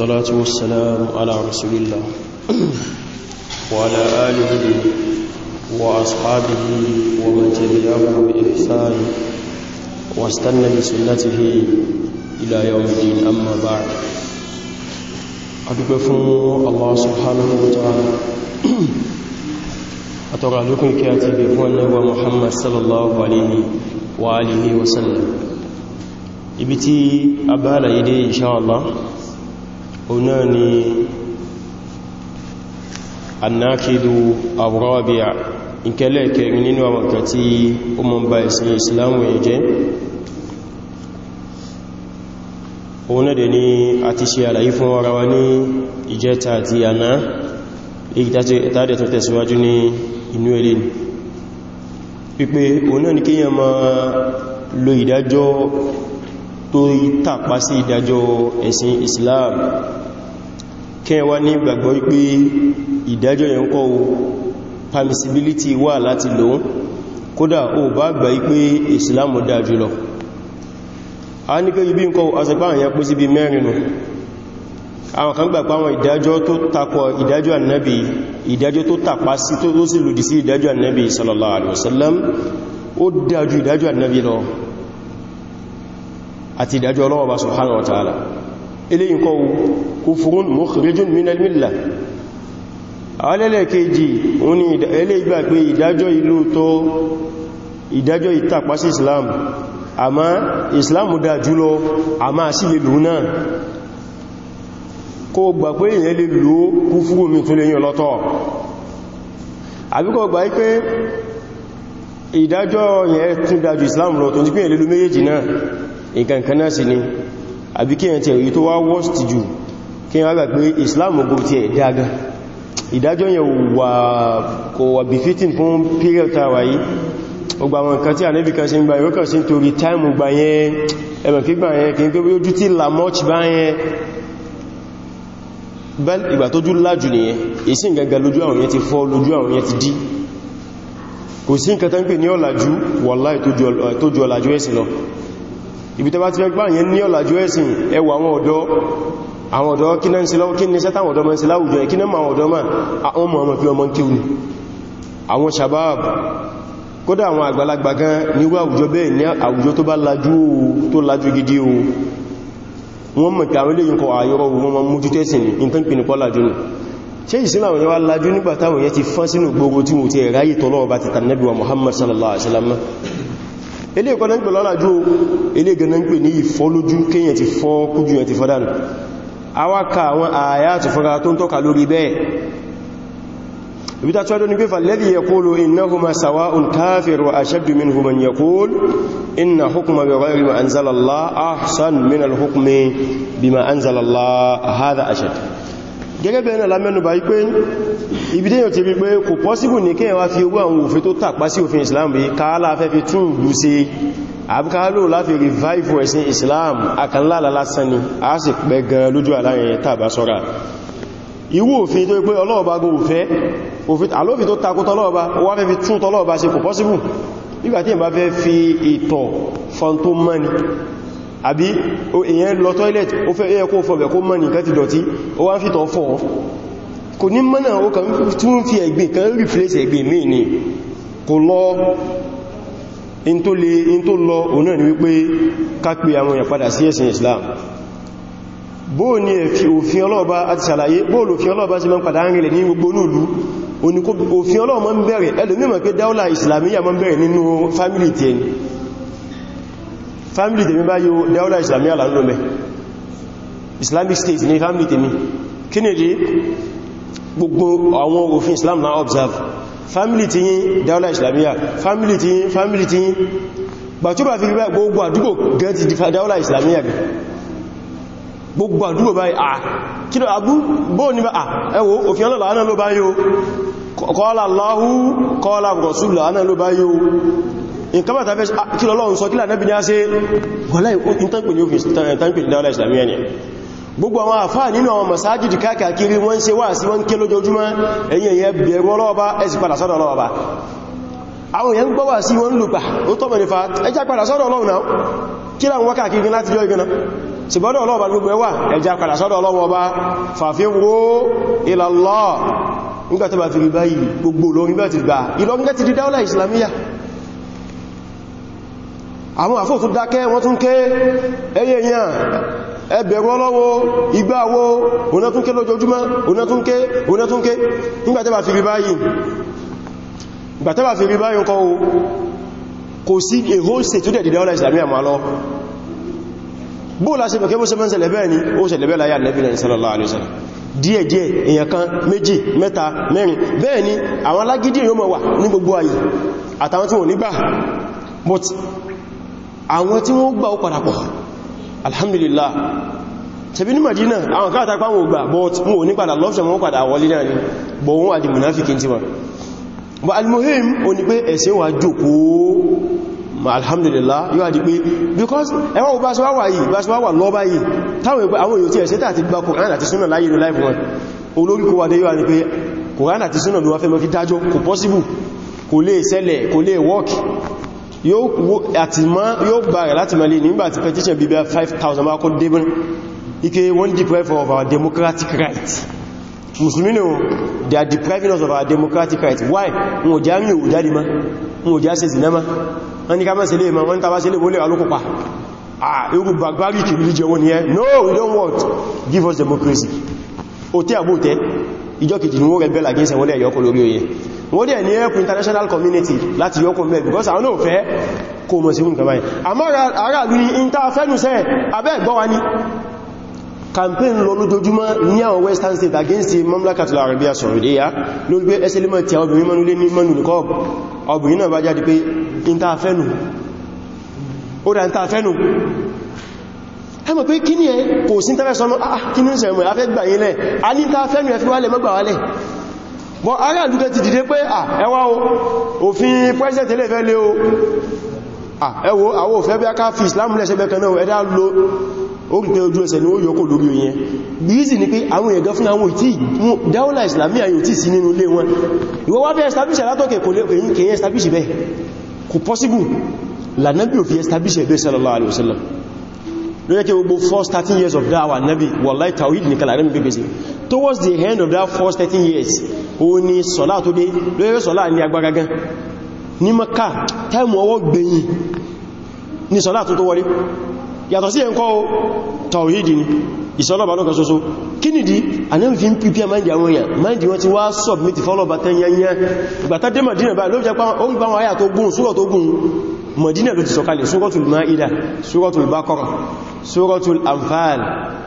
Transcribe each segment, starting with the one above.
والصلاة والسلام على رسول الله وعلى آله وأصحابه ومن تبعه بإحسان واستنى بسنته إلى يوم الدين أما بعد أدبفن الله سبحانه وتعالى أترى لكم كاتب هو محمد صلى الله عليه وآله وسلم ibi tí a bá láyé dé ọ̀nà ni annákìdù àwọ̀rọ̀bíà ìkẹlẹ̀ kẹrin nínú àwọn kan tí ó mọ́ bá ìsìn ìsìlámù ẹ̀jẹ́ òun náà ni a ti ṣe àlàyé fún ara wa ní ìjẹta àti àná ìgbìtàdẹ̀ tó ní kíyàn ma lo ìdájọ́ tó tàpá sí ìdájọ́ ẹ̀sìn Islam kí ẹ wá ní ìgbàgbọ́ wípé ìdájọ́ yẹn kọ́ o permissibility wà láti lòun kódà o bá gbà wípé ìsìlámù dáa jùlọ a ní pé ibi nǹkan asẹ̀pá àyàn pín síbi mẹ́rin nù àwọn kan gbà pàwọn ìdájọ́ tó takọ sí tó tó sì ìdájọ́ alaihi wasallam ó dáa ju ìdájọ́ annabi lọ àti ìdájọ́ ọlọ́wọ́ bá subhanahu wa eléyìn kọ́ kúfùrún mukhrijun minal millah alẹ́lẹ́kejì òun ni ẹlẹ́gbà pé ìdájọ́ ìlú tó ìdájọ́ ìtàpá sí islam àmá islam dá jùlọ àmá sí lè lò náà kó gbà pé èyàn lè lò kúfùrú mi tún lè yàn lọ́tọ̀ àbíkọ̀ gbà pé ìdájọ́ kí wọ́n gbà pé islam ogun ti ẹ̀ dáadáa ìdájọ́ yẹn wà kò wà bí fitting fún period tàwà yìí ọgbà wọn kan tí a nẹ́bí kan ṣe ń gba ìrókà sí torí táìmù gbà yẹn ẹ̀mọ̀ kígbà yẹn kí n pé ojú tí la much bá yẹn bẹ́l ìgbà tó jú lájú nìyẹn ìsìn gangan lójú àwọn yẹn ti fọ́ lójú àwọn yẹn ti dí kò sí nǹkan tán pè ní ọ̀làjú wàláì àwọn ọ̀dọ́ kí náà ń ṣe lọ́wọ́ kí ní sẹ́tàwọn ọ̀dọ́ mẹ́sí láwùjọ ìkí náà àwọn ọ̀dọ́ àwọn ọmọ fi ọmọ kí ní àwọn shabab kódà àwọn àgbàlagbà gan níwú àwùjọ bẹ́ẹ̀ ní àwùjọ tó bá lajú tó lajú gidi o wọ́n mọ̀ pé àwọn eléyìn kọ àyọrọ̀ wọn mọ̀ mú jútẹ́sìn ní nǹkan pè ní pọ́lájú ní ṣe ìsìnlá àwọn wa Muhammad sallallahu alaihi wasallam ilé ìkọ́nà ń pè lọ́lájú ilé ìgànnà ń pè ní ìfọ́lójú kéyàn ti fọ́ kójú yẹn ti fọ́dánù awaka àwọn àyà ti fúnra tó ń tọ́ka lórí bẹ́ẹ̀ ibita tíwádọ́ ni pé fàlẹ́dì ya kúrò iná huma sawa un káfir wa aṣẹ́dù min human ya kúrò iná hukuma bí wáyé ma an zalallá ahsan min alhukumi bí ma an zalallá hada aṣẹ́dù gẹ́gẹ́ bẹ́ẹ̀ náà lámẹ́nu bá wípé ibidé yóò ti rí pé kò pọ́síbù ní kíyànwá fi owó àwọn òfin tó tàpá sí òfin Islam bí káàlá afẹ́fẹ́ tún lú sí àbíkálò láti revive ẹ̀sìn Islam akànlára lásán ni a sì pẹ́ gan lójú aláyẹn tàbá sọ́ra ìwú òfin tó pé ọlọ́ọ̀bá gbò fẹ́ àlófin tó takó tọ́lọ́ọ̀bá wá fẹ́ fi tún tọ́lọ́ọ̀bá ṣe kò fi ìtọ̀ fọ́ntó mọ́ni àbí èyàn lọ toilet ó fẹ́ ẹyẹ kó fọ́bẹ̀ kó mọ́ni nǹkan ti dọ̀tí ó wá ń fi tọ́ fọ́ ní mọ́nà ó tún fi ẹ̀gbìn kan replace ẹ̀gbìn mí ni kò lọ in tó lè in tó lọ òun náà ni wípé ká pe àwọn èèyàn padà sí ẹ̀sìn Islam bóò ni òfin ọlọ́ọ̀bá àti sàlàyé bóòlù òfin ọlọ́ọ̀bá sí mọ́ padà ń rìnlẹ̀ ní gbogbo nílùú oníkó òfin ọlọ́ọ̀ mọ́ ń bẹ̀rẹ̀ ẹlòmímọ̀ pé dáúlà ìsìlàmíyà mọ́ ń bẹ̀rẹ̀ nínú fámílì tẹni fámílì tẹni bá yóò dáúlà ìsìlàmíyà là ń lọ mẹ́ Islamic State ní fámílì tẹni kí ni gbogbo àwọn òfin Islam na observe family ti yín daula islamiyya family ti yín family ti yín gbàtúbà fi gbígbà gbogbo àdúgbò gẹ́ ti daula islamiyya bí gbogbo àdúgbò báyìí à kí lọ abú bóò ní bá à ẹwọ òfin ọlọ́lá ánà ló bá yóò kọ́ọ̀lá Allahu kọ́ọ̀lá Rasul ánà ló bá yóò nǹkan bá tàbí kí lọ́lọ́run sọ kí lànàbí ní á sí wọ́lá ni gbogbo àwọn àfáà nínú àwọn masajidi káàkiri wọ́n ṣe wá sí wọ́n ké lójoojúmọ́ ẹ̀yìn ẹ̀yẹ bẹ̀rún ọlọ́ọ̀bá ẹ̀sì padà sọ́dọ̀ ọlọ́ọ̀bá àwọn èèyàn gbọ́ wá sí wọ́n lùpà ó tọ́mọ̀ nífà ẹjá padà sọ́dọ̀ ọlọ́run náà kí láwọn wákàkiri láti jọ ìgbìnà ṣùgbọ́dọ̀ ọlọ́ọ̀bá gbogbo ẹwà ẹjá padà sọ́dọ̀ ọlọ́ọ̀bá fàfíwó ìlàlọ́ nígbàtí bá fi rí báyìí gbogbo olórin bá àwọn àfóòtú dákẹ́ wọ́n tún ké ẹyẹ ẹbẹ̀rún ọlọ́wọ́ igbáwó onátúnké lójoojúmọ́ onátúnké onátúnké nígbàtẹ́bà fi rí báyìí gbàtẹ́bà fi rí báyìí kọ́ o kò sí a whole state tó dẹ̀ dìdá ọlá ìsìlàmí àmà lọ bóòlá ṣe pẹ̀kẹ́ bó ṣe mẹ́sẹ̀ lẹ́bẹ̀ẹ́ ni ó sallallahu alaihi wasallam díẹ̀díẹ̀ èèyàn kan méjì mẹ́ta mẹ́rin bẹ́ẹ̀ ni àwọn alágídí yóò mọ̀ wà ní gbogbo ayé àtàwọn tí wọ́n nígbà but àwọn tí wọ́n gbà ó padà alhamdulillah ṣebí ní Madina àwọn káàtà pàwọn ògbà but wọn ò ní padà lọ́fṣẹ̀ wọn padà wọlé náà ni bọ̀ wọn àdì munafikin ti wọn bọ̀ almuhim o ni pé ẹ̀sẹ̀ wà jókòó ma alhamdulillah yóò àdì pé because ẹwọ́n o bá ṣe wáwà yìí bá ṣe wáwà lọ́bá yìí táwọn àwọn èyò tí ẹ̀sẹ̀ tàà ti gba Kùránì àti súnà láyé ló láìfún wọn olórí kó wà dé kò possible kò lè ṣẹlẹ̀ kò lè work yóò gbà rẹ̀ láti malé nígbàtí petition bíbẹ̀ 5,000 makon débìn ike wọ́n deprive of our democratic rights musulmi ni o they are depriving us of our democratic rights why wọn ò já ní òwò jáde ma wọn ò já ṣe zìnà ma wọ́n ni ká mẹ́sẹ̀ lè ma wọ́n tàbá ṣe lè wọlé alókùpa ah irú barbaric religion wọn ni ẹ no we don't want give us democracy o tẹ́ àbótẹ́ ìjọ́ kejì ni wọ́n rebel against ẹwọlé ẹ̀yọ́kọ̀ lórí oyẹ wọ́n dẹ̀ ní ẹ̀kùn international community láti yọkùn mẹ́ because àwọn náà fẹ́ kò mọ̀ sí mú nǹkan báyìí àmọ́ ara lú ní interfẹ́nusẹ́ abẹ́ gbọ́wa ní campaign lọ lójoojúmọ́ ní àwọn western state against the mamlakatul arabia saudiya lórí pé ẹsẹlẹ́mọ̀ tí àwọn obìnrin mọ́nulé ní mọ́nù nìkọ́ obìnrin náà bá jáde pé interfẹ́nu ó dá interfẹ́nu ẹmọ̀ pé kí ní ẹ kò sí interfẹ́sọ́nà ah, ah, kí ní sẹ̀mọ̀ afẹ́gbà yìí lẹ̀ a ní interfẹ́nu ẹ fi wálẹ̀ mọ́gbà wálẹ̀ bọ́ ará àdúgbẹ́ ti dìde pé à ẹwà òfin president ilé ìfẹ́ lé o ẹwọ àwọ òfẹ́ bí a ká fi Islam lẹ́ṣẹ́ bẹ́ẹ̀kan náà ẹ̀dá lo orílẹ̀ ojú ẹsẹ̀ ni ó yọ́kò lórí oyin bíìsì ni pé àwọn èèyàn fún àwọn ìtì dáúlà Islamiyya yóò tí sí nínú ilé wọn ìwọ wá fẹ́ establish látọ́kẹ̀ kò lè kèyàn establish bẹ́ẹ̀ kò possible lànàbí ò fi establish ẹ̀bẹ́ sallallahu alaihi wasallam ló yẹ kí gbogbo first 13 years of dáwà nabi wallahi tawhid ní kàlàrí mi gbogbo towards the end of that first 13 years ó ní sọ́lá tó dé lóyẹ́ sọ́lá ní agbára gan ní Mẹ́kà táìmù ọwọ́ gbẹ̀yìn ní sọ́lá tó tó wọlé yàtọ̀ sí ẹ̀kọ́ tàwíìdì ni ìsọ́lọ́bà náà kan ṣoṣo kí nìdí anẹ́mfin pípí àmáìdì àwọn èèyàn máìdì wọ́n ti wá sọ̀bmìtì fọ́lọ̀bà tẹ́yẹnyẹ gbàtà dé Mádínà báyìí ló jẹ́ pàwọn àyà tó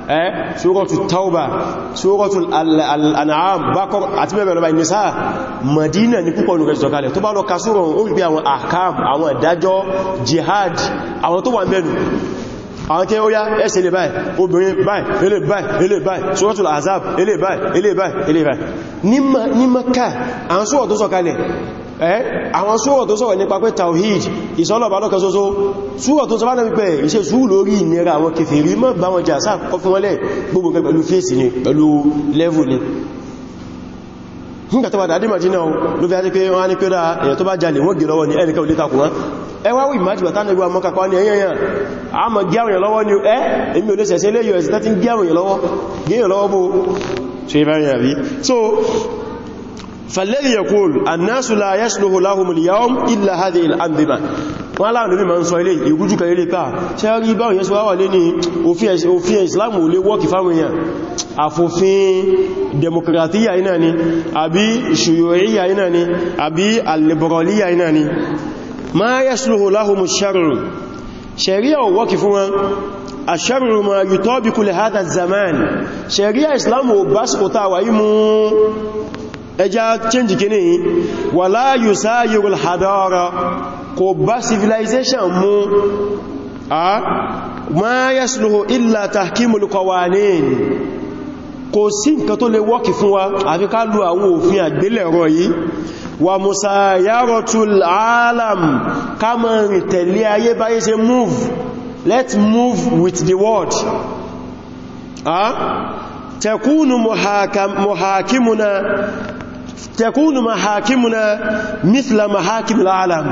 eh suratu tauba suratu al-an'am bakor àti bẹ́ẹ̀ lọ bá nisa madina ni púpọ̀ nuka jọ kalẹ̀ tó bá lọ kasuro ó rí bí àwọn ahkam àwọn dájọ́ jihad àwọn tó wà menu àwọn kí ó yá ẹsẹ̀ ilé báyìí obìnrin báyìí ilé báyìí ilé báyìí suratul azab ilé báyìí ilé báyìí ilé báyìí ní Mákà àwọn sọ́wọ́ tó sọ kalẹ̀ Eh? àwọn súwọ̀ tó sọ̀rọ̀ nípa pé tawhid ìsọ́lọ̀bá lọ́kẹ́ sọ́sọ́ súwọ̀ tó sọ́bá náà pẹ̀ iṣẹ́ súwọ̀ lórí ìnira àwọn kèfèrí mọ́ bá wọn jà sáà kọ́ fún wọ́lẹ̀ gbogbo nǹkan pẹ̀lú fèsì ni pẹ̀lú lẹ́vù ni nígbàtí wàdà adímàjí náà ló fi àti pé wọ́n á ní pẹ́ra èyàn tó bá jalè wọ́n gẹ̀rọ ní ẹnìkan olè takùn wọ́n ẹwà فالذي يقول الناس لا يصلح لهم اليوم الا هذه الانظمه wọ́n láàrín lórí ma ń sọ ilé ìgújú kan ilé káà tí a rí báwọn yẹ́sùwá wà lé ní òfin islam ò lè wọ́kì fáwọn èèyàn ma yasluhu lahumu sharru sharia sharia islam ò bá sùkútà wáyé ẹjá change kìíní wala yusayirul hadara kò bá civilization mú a ma yasluhu illa tahkimul qawanin kò sí nǹkan tó lè wọ́kì fún wa àfi ká lù àwọn òfin àgbélẹ̀rọ yìí wà musayarotul alam ká mọ̀ rìn tẹ̀lé ayé báyé ṣe move let's move with the world ah? tẹkúnù mọ̀hàkímúnà tẹkúnù mahakimuna mithla mahakimul alam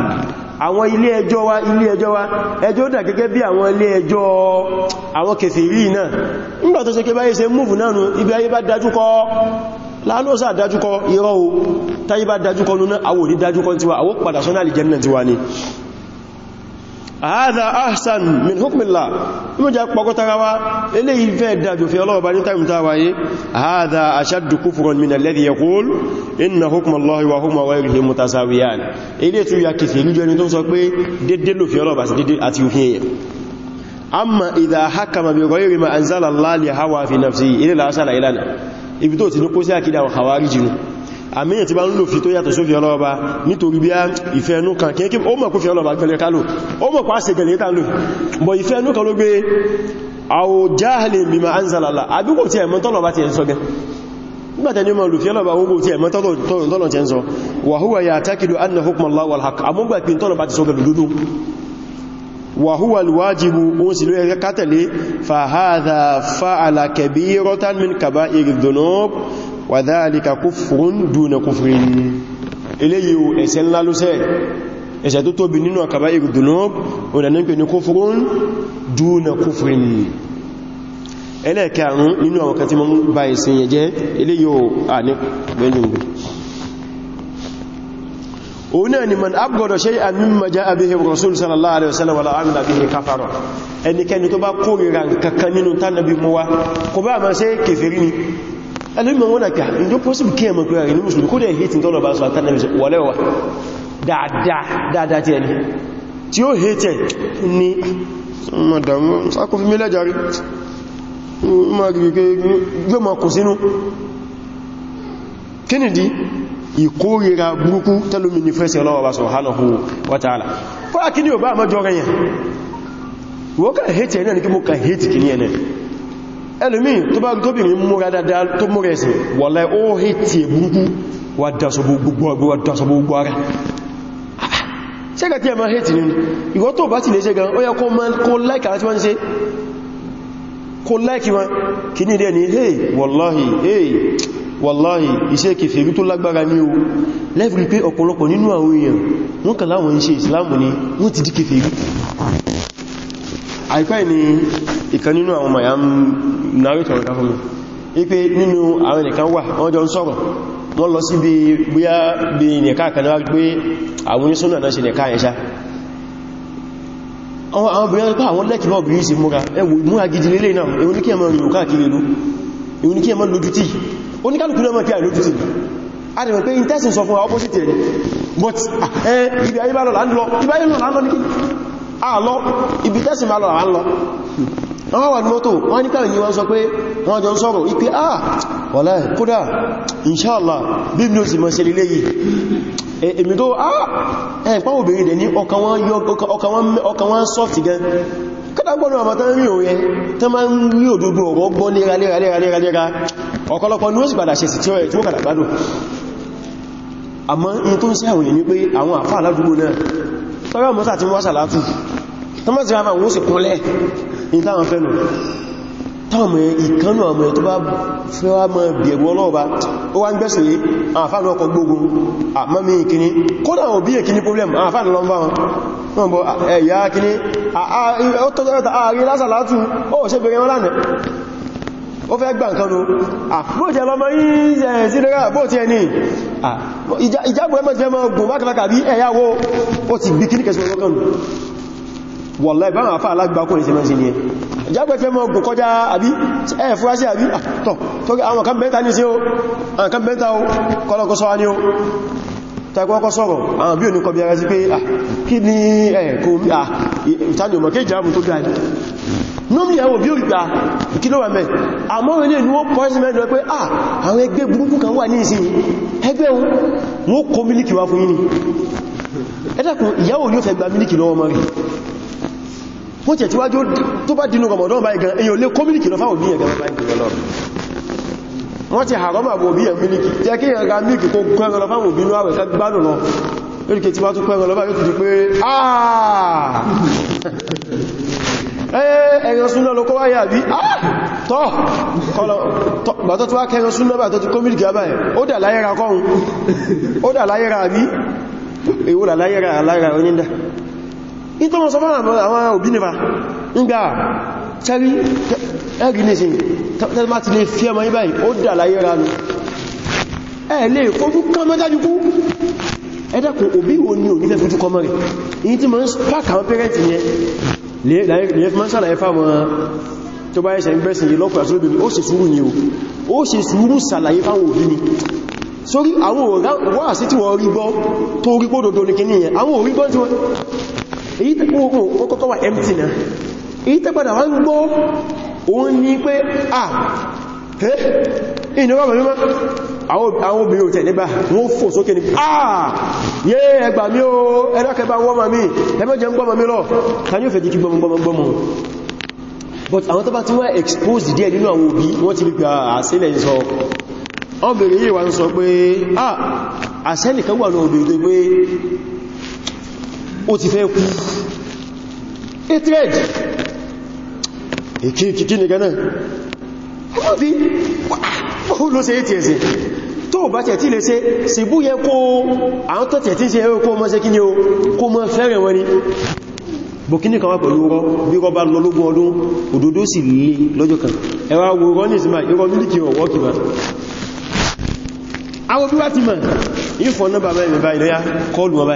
àwọn ilé ẹjọ́ wa ilé ẹjọ́ wa ẹjọ́ dà gẹ́gẹ́ bí àwọn ilé ẹjọ́ àwọn kèfèrí náà nígbà tó ṣe kí báyé ṣe múfù náà nù ibi ayé bá dájúkọ lálọ́sà dájúkọ irọ́ o bá dájúkọ nú náà dájúkọ tiwa àwò padà sọ́nà àlìjẹ́ náà tiwa ni àádá ahsan min hukmilla inú jẹ́ pọ̀kọ́tara wá ilé ìfẹ́ ìdájò fi ọlọ́wọ́ bá ní tàbíta wáyé àádá ashaddu kufran min alladhi yaqul inna hukmallahi wa hukma ghayrihi mutasawiyan ilé tó yà kìfì ìlú jẹni tó sọ pé dédé lò fi ọlọ́wọ́ àti òfin èèyàn amma idha hakama bi ghayri ma anzala Allah li hawa fi nafsihi ilé lásàlà ìlànà ibi tó ti ní kó sí àkídà àwọn hawarijinu àmìyàn tí bá ń lò fi tó yàtọ̀ sófí ọlọ́ọba nítorí bí ìfẹ́ ẹnú kan kí ó mọ̀ kó fi ọlọ́ọba gẹ̀lẹ̀ kálò ó mọ̀ pàá se gẹ̀lẹ̀ tàà lò bọ̀ ìfẹ́ ẹnú kan ló gbé àwò jáhàlì bima anzalala àbíkò tí ẹ̀mọ́ tọ́lọ̀bá ti ẹ̀ ń sọ gẹ́ nígbàtẹni ọmọ olùfẹ́ lọ́bàá ogun tí ẹ̀mọ́ tọ́lọ̀ ti ẹ̀ ń sọ wa huwa ya'taqidu anna hukma Allahi wal haqq àmúgbà pín tọ́lọ̀bá ti sọ wa dhalika kufrun duna kufrin eléyìí ẹ̀ṣẹ̀ ńlá ló ṣẹ̀ ẹ̀ṣẹ̀ tó tóbi nínú kabairu dhunub òdànà pè ní kufrun duna kufrin ẹlẹ́ẹ̀kẹ́rún nínú àwọn kan tí mọ́ bá ìsìn yẹ ni man abgọ́dọ̀ ṣe àmìmọ̀ já abíhì rasul sallallahu alaihi wasallam wala amina bihi kafara ẹnikẹni tó bá kórìíra kankan nínú tánàbí mọ́wá kò bá ma ṣe kèfèrí ẹlòmíì wọ́n nàkà ìjọ pọ́sìbì kí ẹmọ̀ kúrò ní mùsùlùmí kó dẹ̀ hìtì tọ́lọ̀ bá sọ àtàlẹ́mìsì wọ́lẹ́wà dáadáa tí ẹni tí ó hìtì ní mọ̀dàmú sákòfí mílẹ̀járí yóò ma kò sínú kínìdí ìkórira burúkú tẹ́lómi ní fẹ́sẹ̀ ọlọ́wọ́ bá subhanahu wa ta'ala fọ́lá kí ní ò bá mọ́jọ́ rẹ̀yàn wọ́n kà hìtì ẹ̀nà ní kí ẹlòmí tó bá gómìnrin múra dáadáa tó múra ẹ̀sìn wọ̀lẹ̀ ó hì tí èbúrúkú wà dásọ̀bọ̀ gbogbo ara ṣẹ́gà tí ẹ máa hẹ́tì nínú ti lè ṣe gan ó yẹ kó máa kó láìkì àwọn tí ni hey wallahi hey wallahi iṣẹ́ kèfèrí tó lágbára ní o lẹ́fìrí pé ọ̀pọ̀lọpọ̀ nínú àwọn èèyàn wọ́n kà láwọn ń ṣe ìsìláàmù ni wọ́n ti di kèfèrí àìpẹ́ ni ìkan nínú àwọn narrator ọ̀ká fún mi ipé nínú àwọn ẹnìkan wà wọ́n jọ ń sọ̀rọ̀ wọ́n lọ sí bí bóyá bí nìká kanáà pé àwọn oníṣúnà náà ṣe nìká ẹ̀ṣá àwọn obìnrin pé àwọn lẹ́kì náà obìnrin sí múra ẹwù múra gidi lélẹ̀ náà èwo ní kí ẹmọ rìn káàkiri ìlú èwo ní kí ẹmọ lójútì oníkálùkù náà mọ̀ kí à lójútì a rẹ̀ pé intestine sọ fún wa opposite rẹ̀ but ibi ayébálọ̀ là ń lọ ibi ayébálọ̀ là ń lọ ní kí à lọ ibi tẹ́sìn bá lọ là ń lọ wọ́n wà ní mọ́tò wọ́n ní káàkiri wọ́n sọ pé wọ́n jọ ń sọ̀rọ̀ ipé ah wọ́lá kódà inshallah bí mi ò sì mọ́ sí lílé yìí e, èmi tó ah ẹ̀pá obìnrin dẹ̀ ní ọkàn wọn soft gan kódà gbọ́nà àmà tán rí òye tán máa ń rí òdodo ọ̀rọ̀ gbọ́ lera lera lera lera lera ọ̀kọ́lọpọ̀ ní ó sì padà ṣe sì tí ó rẹ̀ tí ó padà gbádùn àmọ́ in tó ń sí àwọn èèyàn ní pé àwọn àfáà aládùúgbò náà tọ́rọ mọ́sà ti wọ́n sàlátù tọ́mọ́sì ra máa wọ́n ní táwọn fẹ́nu táwọn ìkanú àwọn ẹ̀ tó bá fẹ́ wá mọ́ bẹ̀rù ọlọ́ọ̀bá ó wá ń gbẹ́sìn yìí àǹfààní ọkọ̀ gbógun àmọ́mí ìkíní kódà àwọn òbí ìkíní problem àǹfààní lọ ń bá wọn wọ́n bọ̀ ẹ̀yà kíní ààrí lásàlátù ó ṣe bẹ̀rẹ̀ wọn lánàá ó fẹ́ gbà nǹkan ló àbójẹ lọmọ yíyẹ sí lọ́rọ̀ àbójẹ ní ìjábọ̀ ẹmọ́ ti fẹ́ mọ́ wallahi bá wọn àfá alágbàkùnrin sí mẹ́sí ni ẹ jágbẹ́ fẹ́ mọ́ gùn kọjá àbí ẹ fúra sí àbí ah, tọ́ tókè àwọn kan bẹ́ta ní sí o àwọn kan bẹ́ta o kọlọ́kọ́ sọ́wá ní o takọ́kọ́ sọ̀rọ̀ àwọn bí oníkọ bí ara sí pé ah, kí ní ẹ̀kọ́ ìtàlì ọmọ kéjì ààbò tó gáà nómi ẹ̀wọ̀ bí òrìgbà kí ló wà mẹ́ àmọ́rin ní wọ́n pọ́ẹ̀sì mẹ́rin pé ah, àwọn ẹgbẹ́ burúkú kan wà ní ìsìn ẹgbẹ́ wọn kó mílíkì wá fún yín ni ìyàwó yóò fẹ́ gba mílíkì lọ́wọ́ mọ́rin ó tẹ̀ tí wájú tó bá dínú Ramadan báyìí gan èyàn lè kó mílìkì lọ fáwọn bíyàn gan báyìí gan lọ wọ́n ti haram àbò bíyàn mílìkì jẹ́ kí yàn ga mílìkì kó kẹrẹ lọ fáwọn bínú àwẹ̀ gbádùn lọ lóríkẹ tí wá tún kẹrẹ lọ báyìí tó di pé ah! ẹ̀yàn súnlọ ah! lọ kó wáyé àbí tọ́ bàtọ́ tó wá kẹrẹ súnlọ bàtọ́ ti kó mílìkì àbáyẹ̀ ó dà láyẹ́ra kọ́run ó dà in tó mọ́ sọ fánà àwọn òbí nípa ńgbà tẹ́rí ẹgbì nìsìn tẹ́lì má ti lè fi ẹmọ ibáyìí ó dà láyé ra nù ẹ lè fojú kán mẹ́jájú kú ẹ̀dàkùn òbí wo ni òní fẹ́ fojú kọmọ rẹ̀ in tí mọ́ ń pàkà àwọn pẹ́rẹ́ntì yẹn lè fi mọ́ sàlàyé fáwọn tó bá ẹ̀ṣẹ̀ ń gbẹ́sìn yìí lọ́pàá sóbi ni ó ṣe sùúrù ni o ó ṣe sùúrù sàlàyé fáwọn òbí ni sórí àwọn òwà sí tí wọ́n rí gbọ́ tó rí gbọ́dọ̀dọ̀ ní kìíní yẹn àwọn òrí gbọ́ tí wọ́n èyí tó kọ́kọ́ wà empty na. èyí tó padà wọ́n gbọ́ òun ní pé à ẹ́ ìnira bàbí mọ́ àwọn obìnrin ò tẹ̀lé bá wọ́n fò sókè ní àà yé ẹgbà mí o ẹlọ́kẹba wọ́mà mí ẹmọ́jẹ ń gbọ́mà mí lọ but ó ti fẹ́ kú hatred ìkíkíkí ní gánà ó bí ó ló tó bá tẹ̀ tí lè ṣe yẹ kó àwọn o kó mọ́ fẹ́rẹ̀ ni kan wá pẹ̀lú rọ bí rọ bá lọ lógún ọdún òdòdó sì lè lọ́jọ́ kan ẹwà wo rọ ní ìsinmi ìrọ bí wá ti mọ̀ ìfọ̀nà bàbá ìrìnbá ìlẹ́yà kọlù ọba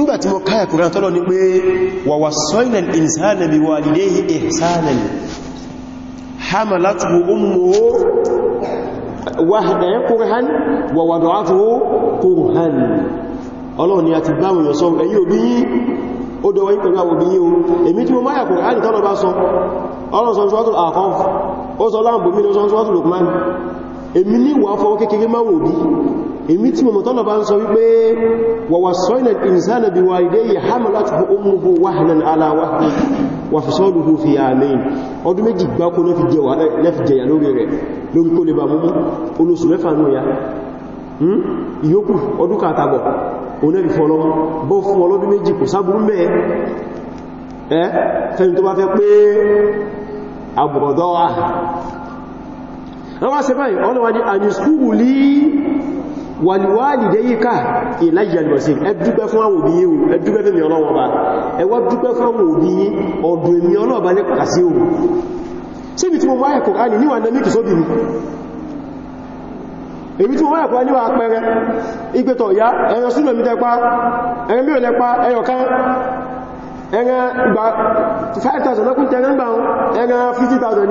nígbàtí mo káyà kùrán tọ́lọ ní pé wa wassayna al-insana biwalidayhi ihsanan hamalathu ummuhu wahdan kurhan wa wada'athu kurhan ọlọ́run ni a ti báwọn yọ sọ ẹ̀yin òbí yín ó dọwọ́ yín èmi tí mọ̀mọ̀ tọ́lọ̀ bá ń sọ wípé wa wasoyna al-insana biwalidayhi hamalathu ummuhu wahnan ala wahnin wa fisaluhu fi amayn ọdún méjì gbáko ló fi jẹyà lórí rẹ̀ ló ń kó lè bá mú olóṣù mẹ́fà nù ya hmm? ìyókù ọdún kàtàbọ̀ onẹ́rì fọ́lọ́mú bọ́ fún ọlọ́dún méjì kò sáburú mẹ́ ẹ́ fẹ́ni báyìí ọlọ́wà ní àyíṣkúrù lìí wàlìwàlìdẹ́yíká ìlàjàlùwàsí ẹdúpẹ́ fún àwọn òbí yíò ẹdúpẹ́ fún ìyọ́lọ́wọ́ bá ẹwà dúpẹ́ fún àwọn òbí yí ọ̀dọ̀ èmì ọlọ́ọ̀bá ní pàṣẹ òun síbi tí mo wá ẹ̀kọ̀ alì níwà náà mìkì sóbì ya ẹ̀yọ súnà mi tẹpa ẹ̀yọ mí ò lẹ́pa ẹ̀yọ kan ẹ̀yọ gba 5,000 lọ́kún tẹ́rẹ́ ń gbà ẹ̀yọ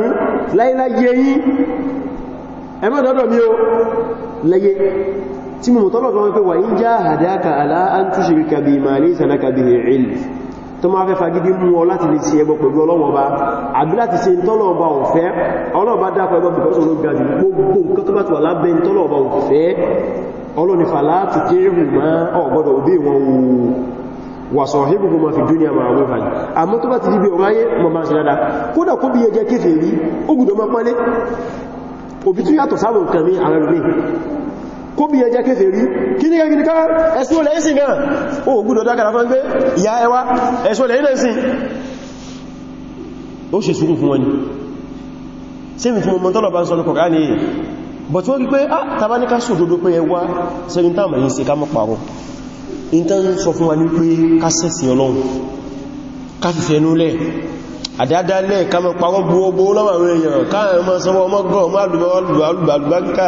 mi ó lẹ́yẹ tí mo tọ́lọ̀ tó wọ́n pé wà ń já àdáka alá an tushrika bí ma ní ìsànaka bí ilmi tó máa fẹ́ fagidi mú ọ láti lè ti ẹgbọ́ pẹ̀lú ọlọ́wọ́ba àbí láti ṣe tọ́lọ̀ọba òfẹ́ ọlọ́ọ̀bá dápọ̀ ẹgbọ́ bìkọ́sọ̀ ló ga jù gbogbo nǹkan tó bá ti wà lábẹ́ tọ́lọ̀ọba òfẹ́ ọlọ́nifà láti kéèrù má ọ̀gbọ́dọ̀ òbí wọn wà sọ̀hìbùkú ma fi dúnìyà ma àwọn kó bí ẹjẹ́ kéfèé rí kí ní kẹ́kì ká ẹ̀sùn olè ń sìn gan ó gúdọ̀ dákàrà fún pé ìyá ẹwà ẹ̀sùn olè ń sìn ó ṣe sùúrù fún wọn ni sí mi tí mo mọ́ tọ́lọ̀ bá ń sọ ní kọ̀rá ní but wọ́n rí pé ah tàbáníká sòdodo pé ẹwà sẹ́rin táàmà yìí ṣe ká mọ́ pàrọ in tán sọ fún wa ní pé gbogbo lọ́wọ́ àwọn èèyàn káàmọ́ sọwọ́ ọmọ gọ́ ọmọ alùbálùbá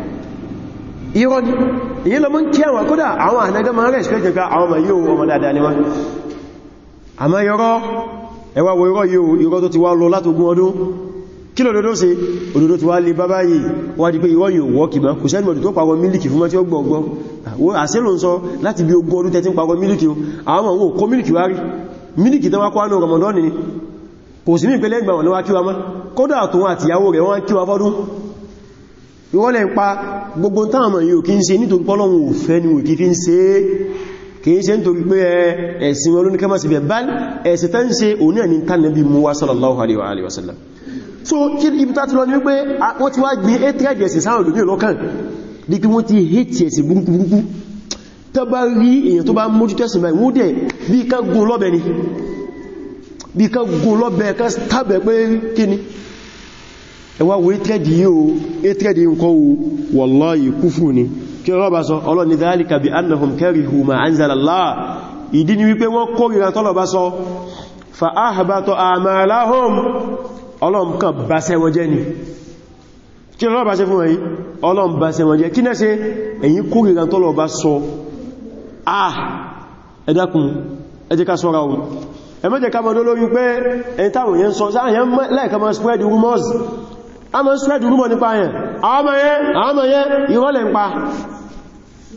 irọ́ ni èyí lọ mọ́ ń kí àwọn kódà àwọn ànagá ma rẹ̀ ṣpẹ́kẹ̀ ká àwọn ọmọ yíò ọmọ dáadáa ni wọ́n àmọ́ irọ́ ẹwà wo irọ́ yíò irọ́ tó ti wá lọ látogún ọdún kí lọ dodo ṣe òdodo ti wá lè bá báyìí wá di pé irọ́ yíò wọ́ kìí kò sẹ́ni mọ̀dù tó pàwọ mílìkì fún mọ́tí ó gbọ̀ngbọ́n àṣẹ ló ń sọ láti bí ogún ọdún tẹ́tí ń pàwọ mílìkì àwọn ọmọ gbogbo táàmà yóò kí ń ṣe nítorí pọ́lọ́wọ́ òfẹ́ ni wòkí fi ń ṣe kìí ṣe nítorí pé ẹ̀sìn wọn lóníkẹ́ máa sì bẹ̀ bá ẹ̀sìn tán ṣe òní ẹni tánàbí mú wá sallallahu alaihi wasallam so kí ibi tá ti lọ ní wípé wọ́n ti wá gbé ẹ́tẹ́ẹ̀dì ẹ̀sìn sáwọn olùmí lọ́kàn ní kí wọ́n ti hẹ́tì ẹ̀sìn burúkú burúkú tó bá rí èèyàn tó bá mójú tẹ́sìn báyìí wọ́n dẹ̀ bí ká gún lọ́bẹ̀ ni bí ká gún lọ́bẹ̀ ká tábẹ̀ pé kíni ẹwà wo ítẹ́dì yíò ítẹ́dì ń kọ́ wallahi kúfù ni kí ọlọ́bà sọ ọlọ́ni dhalika bi annahum karihu ma anzala Allah ìdí ni wípé wọ́n kórìíra tọ́lọ̀bá sọ fa ahbata a'malahum ọlọ́mkan basẹ́ wọ́n jẹ́ ni kí ọlọ́bà sẹ fún ẹ̀yí ọlọ́m basẹ́ wọ́n jẹ́ kí náà ṣe ẹ̀yìn kórìíra tọ́lọ̀bá sọ ah ẹ̀dàkùn ẹjẹ́ ká sọ́ra ohun ẹmẹ́jẹ́ ká mọ́ lórí pé ẹ̀yìn táwọn yẹn sọ sáà yẹn láìka mọ́ spread rumors a ma spread rumor nípa yẹn àwọn ọmọ yẹn ìrọ́lẹ̀ ń pa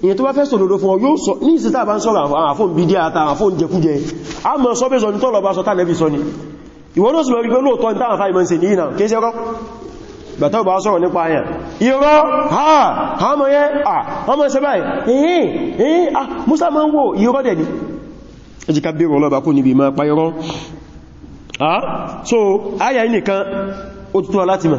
èyàn tó bá fẹ́ sọ̀lọ́dọ̀ fún ọ yóò sọ ní ìsìta bá ń sọ̀rọ̀ àfún bídí àta àfún jẹkújẹ a mọ̀ sọ bẹ́sọ̀ ní tọ́lọ̀ bá sọ tánẹ́bì sọ ni ìwọ́n ló sọ̀rọ̀ wípé lóòtọ́ ní táwọn fáìmọ̀ ha ha mọ̀ yẹ́ à ọmọ ìṣẹ́ báyìí ah musa ma ń wò irọ́ dẹ̀ ni ẹjíká bèèrè pa irọ́ ah so ayà nìkan ó tuntun aláti mọ̀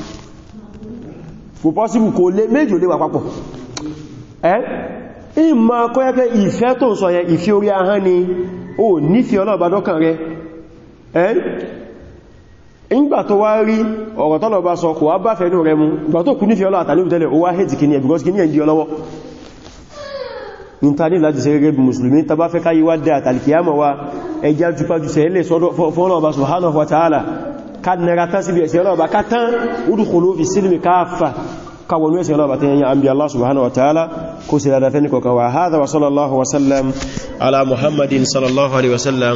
kò pọ́síbù kò lé méjì ò lè wà papọ̀ ẹ́ ìmọ̀ kọ́yẹ́kẹ́ ìfẹ́ tó ń sọ yẹn ìfẹ́ orí ahán ni ó nífẹ́ ọlọ́ọ̀bádọ́kàn rẹ ẹ́ ìgbà tó wá rí ọ̀rọ̀ tọ́lọ̀bá sọ kò wá bá fẹ́ nù rẹ mú ìgbà tó kú nífẹ́ ọlọ́ àtàlẹ́ òtẹ́lẹ̀ ó wa ẹjá jùpájú ṣe ilẹ̀ fọ́nàọ̀bá subhanahu wa ta'ala ká nẹra tán síbi ẹ̀sẹ̀ ọlọ́ọ̀bá ká tán fi silmi kaffa káwọn mẹ́sẹ̀ náà bàtí yẹn àmì Allah subhanahu wa ta'ala kó sì dáadáa fẹ́ni kọ̀kan wa hadha wa sallallahu wasallam ala muhammadin sallallahu alaihi wasallam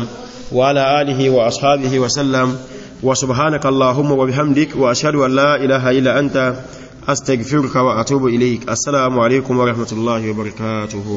wa ala alihi wa ashabihi wasallam wa subhanaka allahumma wa bihamdik wa ashhadu an la ilaha illa anta astaghfiruka wa atubu ilaik assalamu alaikum wa rahmatullahi wa barakatuhu